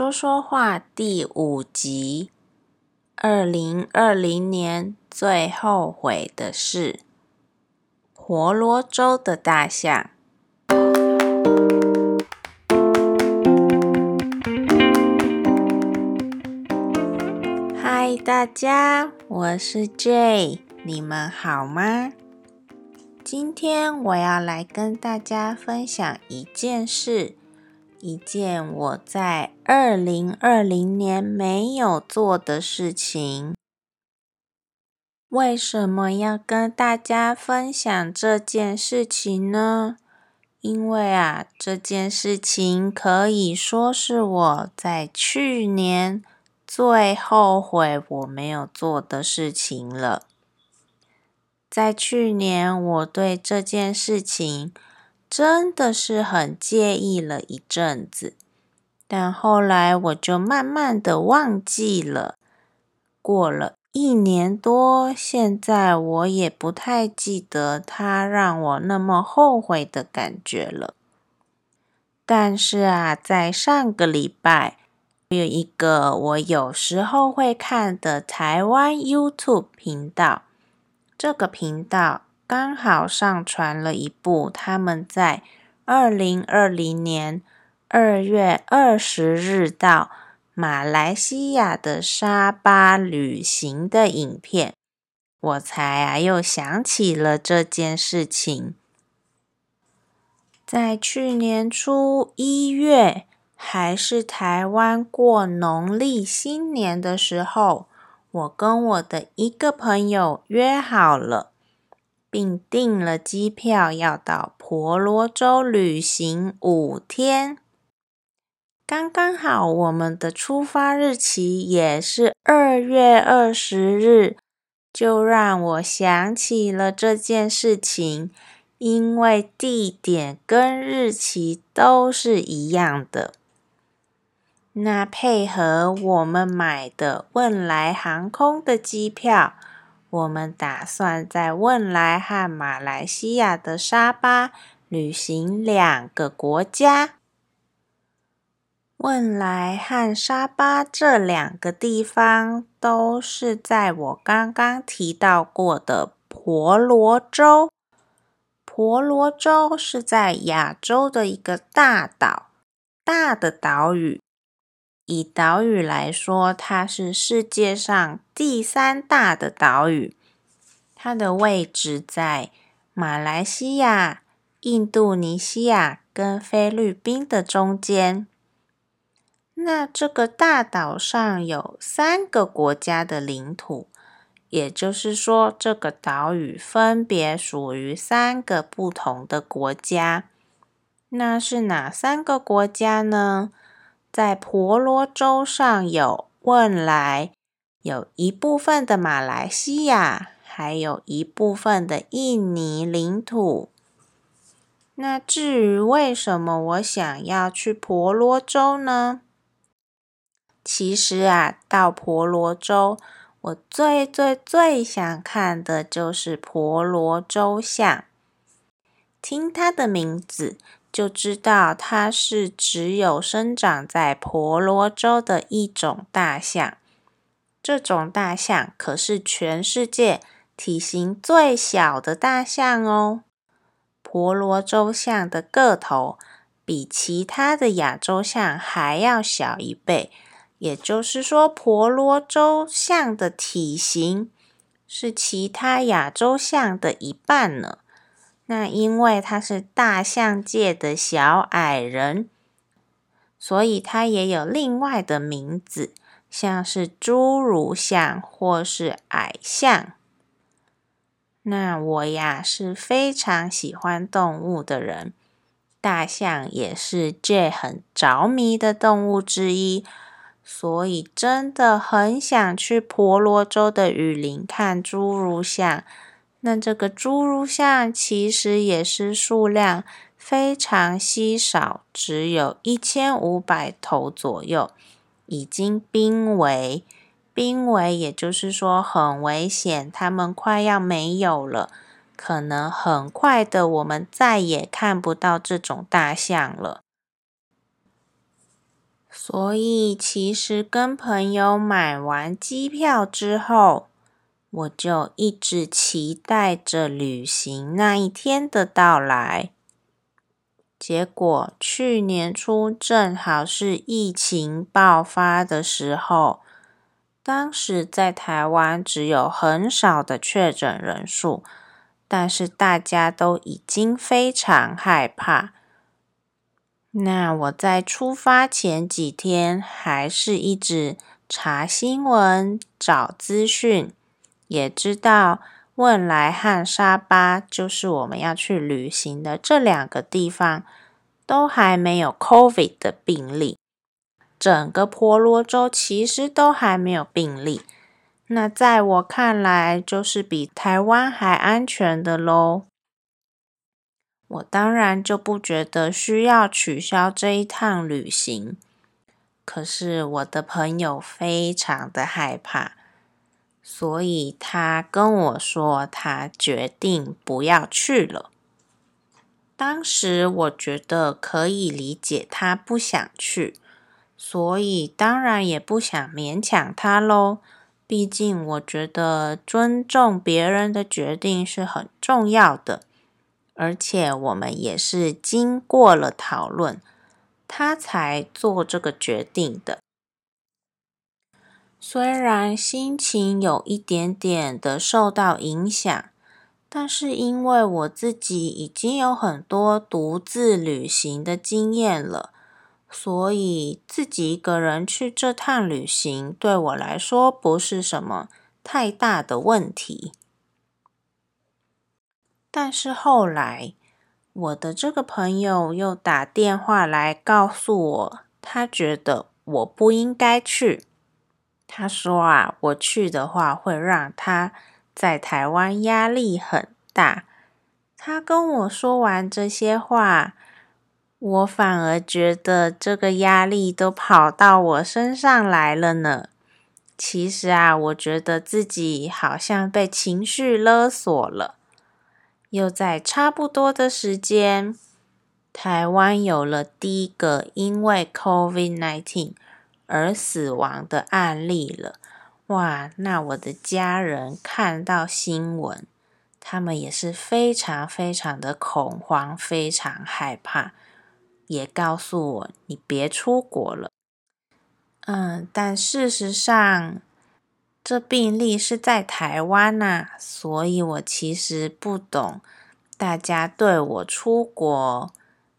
說說話第五集，二零二零年最後悔的事，婆羅洲的大象。嗨，大家，我是 Jai，你們好嗎？今天我要來跟大家分享一件事。一件我在二零二零年沒有做的事情，為什麼要跟大家分享這件事情呢？因為啊，這件事情可以說是我在去年最後悔我沒有做的事情了。在去年，我對這件事情。真的是很介意了一陣子，但後來我就慢慢的忘記了。過了一年多，現在我也不太記得它讓我那麼後悔的感覺了。但是啊，在上個禮拜，有一個我有時候會看的台灣 YouTube 頻道，這個頻道。剛好上傳了一部他們在二零二零年二月二十日到馬來西亞的沙巴旅行的影片，我才啊又想起了這件事情。在去年初一月，還是台灣過農曆新年的時候，我跟我的一個朋友約好了，並訂了機票，要到婆羅洲旅行五天，剛剛好我們的出發日期也是二月二十日，就讓我想起了這件事情，因為地點跟日期都是一樣的，那配合我們買的汶萊航空的機票。我們打算在汶萊和馬來西亞的沙巴旅行兩個國家。汶萊和沙巴這兩個地方都是在我剛剛提到過的婆羅洲。婆羅洲是在亞洲的一個大島，大的島嶼。以島嶼來說，它是世界上第三大的島嶼。它的位置在馬來西亞、印度尼西亞跟菲律賓的中間。那這個大島上有三個國家的領土，也就是說，這個島嶼分別屬於三個不同的國家。那是哪三個國家呢？在婆羅洲上有汶萊、有一部分的馬來西亞，還有一部分的印尼領土。那至於為什麼我想要去婆羅洲呢？其實啊，到婆羅洲，我最最最想看的就是婆羅洲象。聽它的名字。就知道它是只有生長在婆羅洲的一種大象。這種大象可是全世界體型最小的大象哦。婆羅洲象的個頭比其他的亞洲象還要小一倍，也就是說，婆羅洲象的體型是其他亞洲象的一半呢。那因為它是大象界的小矮人，所以它也有另外的名字，像是侏儒象或是矮象。那我呀是非常喜歡動物的人，大象也是 Jai 很着迷的動物之一，所以真的很想去婆羅洲的雨林看侏儒象。那這個侏儒象其實也是數量非常稀少，只有一千五百頭左右，已經瀕危。瀕危也就是說很危險，它們快要沒有了，可能很快的我們再也看不到這種大象了。所以，其實跟朋友買完機票之後。我就一直期待着旅行那一天的到來。結果去年初正好是疫情爆發的時候，當時在台灣只有很少的確診人數，但是大家都已經非常害怕。那我在出發前幾天還是一直查新聞、找資訊。也知道，汶萊和沙巴，就是我們要去旅行的這兩個地方，都還沒有 COVID 的病例。整個婆羅洲其實都還沒有病例，那在我看來就是比台灣還安全的嘍。我當然就不覺得需要取消這一趟旅行，可是我的朋友非常的害怕。所以他跟我說他決定不要去了。當時我覺得可以理解他不想去，所以當然也不想勉強他嘍，畢竟我覺得尊重別人的決定是很重要的，而且我們也是經過了討論，他才做這個決定的。雖然心情有一點點的受到影響，但是因為我自己已經有很多獨自旅行的經驗了，所以自己一個人去這趟旅行對我來說不是什麼太大的問題。但是後來，我的這個朋友又打電話來告訴我，他覺得我不應該去。他說啊，我去的話會讓他在台灣壓力很大。他跟我說完這些話，我反而覺得這個壓力都跑到我身上來了呢。其實啊，我覺得自己好像被情緒勒索了。又在差不多的時間，台灣有了第一個因為 COVID-19。而死亡的案例了，哇！那我的家人看到新聞，他們也是非常非常的恐慌，非常害怕，也告訴我，你別出國了。嗯，但事實上，這病例是在台灣吶，所以我其實不懂大家對我出國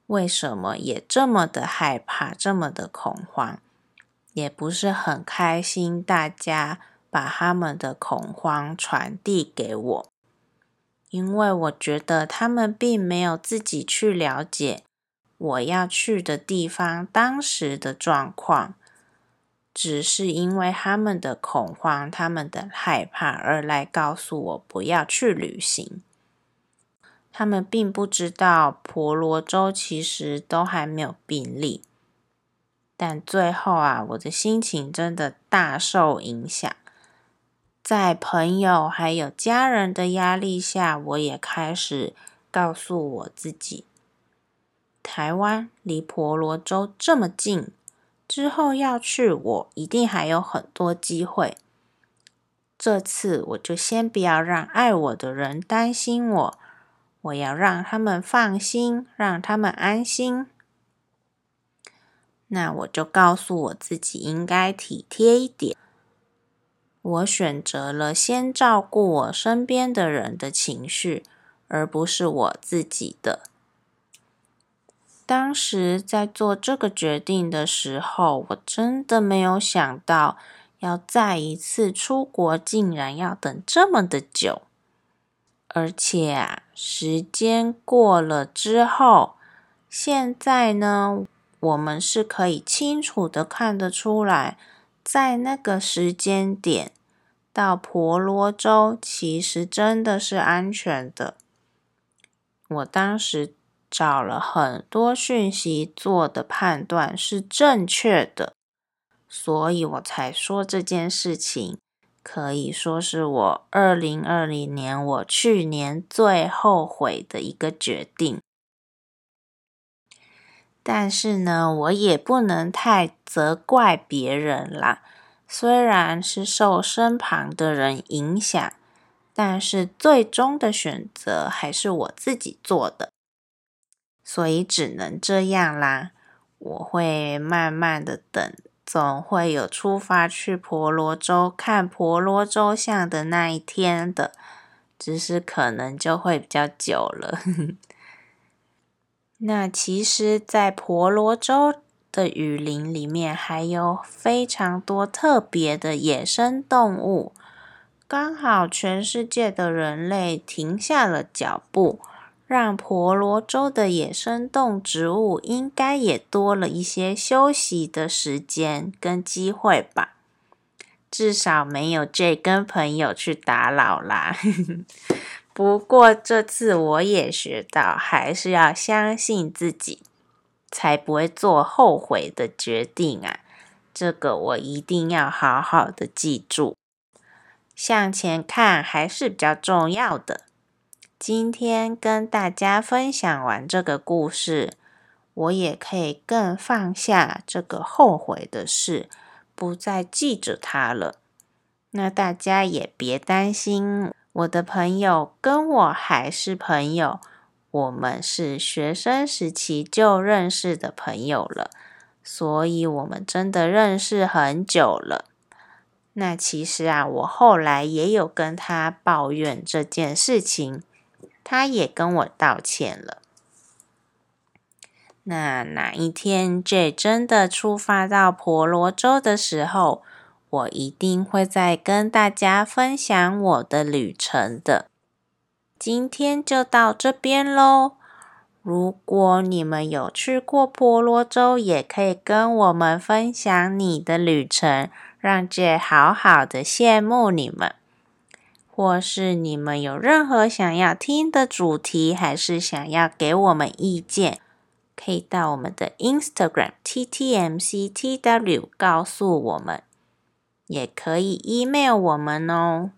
為什麼也這麼的害怕，這麼的恐慌。也不是很開心，大家把他們的恐慌傳遞給我，因為我覺得他們並沒有自己去了解我要去的地方當時的狀況，只是因為他們的恐慌、他們的害怕而來告訴我不要去旅行。他們並不知道婆羅洲其實都還沒有病例。但最後啊，我的心情真的大受影響。在朋友還有家人的壓力下，我也開始告訴我自己：台灣離婆羅洲這麼近，之後要去我一定還有很多機會。這次我就先不要讓愛我的人擔心我，我要讓他們放心，讓他們安心。那我就告訴我自己應該體貼一點。我選擇了先照顧我身邊的人的情緒，而不是我自己的。當時在做這個決定的時候，我真的沒有想到要再一次出國，竟然要等這麼的久。而且啊，時間過了之後，現在呢？我們是可以清楚的看得出來，在那個時間點到婆羅洲其實真的是安全的。我當時找了很多訊息做的判斷是正確的，所以我才說這件事情可以說是我二零二零年，我去年最後悔的一個決定。但是呢，我也不能太責怪別人啦。雖然是受身旁的人影響，但是最終的選擇還是我自己做的，所以只能這樣啦。我會慢慢的等，總會有出發去婆羅洲看婆羅洲象的那一天的，只是可能就會比較久了。 那其實，在婆羅洲的雨林裡面，還有非常多特別的野生動物。剛好全世界的人類停下了腳步，讓婆羅洲的野生動植物應該也多了一些休息的時間跟機會吧。至少沒有 Jai 跟朋友去打擾啦。 不過這次我也學到，還是要相信自己，才不會做後悔的決定啊。這個我一定要好好的記住，向前看還是比較重要的。今天跟大家分享完這個故事，我也可以更放下這個後悔的事，不再記着它了。那大家也別擔心。我的朋友跟我還是朋友，我們是學生時期就認識的朋友了，所以我們真的認識很久了。那其實啊，我後來也有跟他抱怨這件事情，他也跟我道歉了。那哪一天 J 真的出發到婆羅洲的時候，我一定會再跟大家分享我的旅程的。今天就到這邊嘍。如果你們有去過婆羅洲，也可以跟我們分享你的旅程，讓姐好好的羨慕你們。或是你們有任何想要聽的主題，還是想要給我們意見，可以到我們的 Instagram，TTMCTW，告訴我們。也可以 email 我們哦。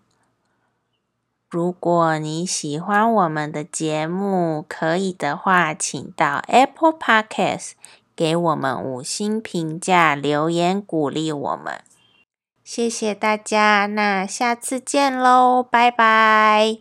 如果你喜歡我們的節目，可以的話，請到 Apple Podcast 給我們五星評價，留言鼓勵我們。謝謝大家，那下次見嘍，拜拜。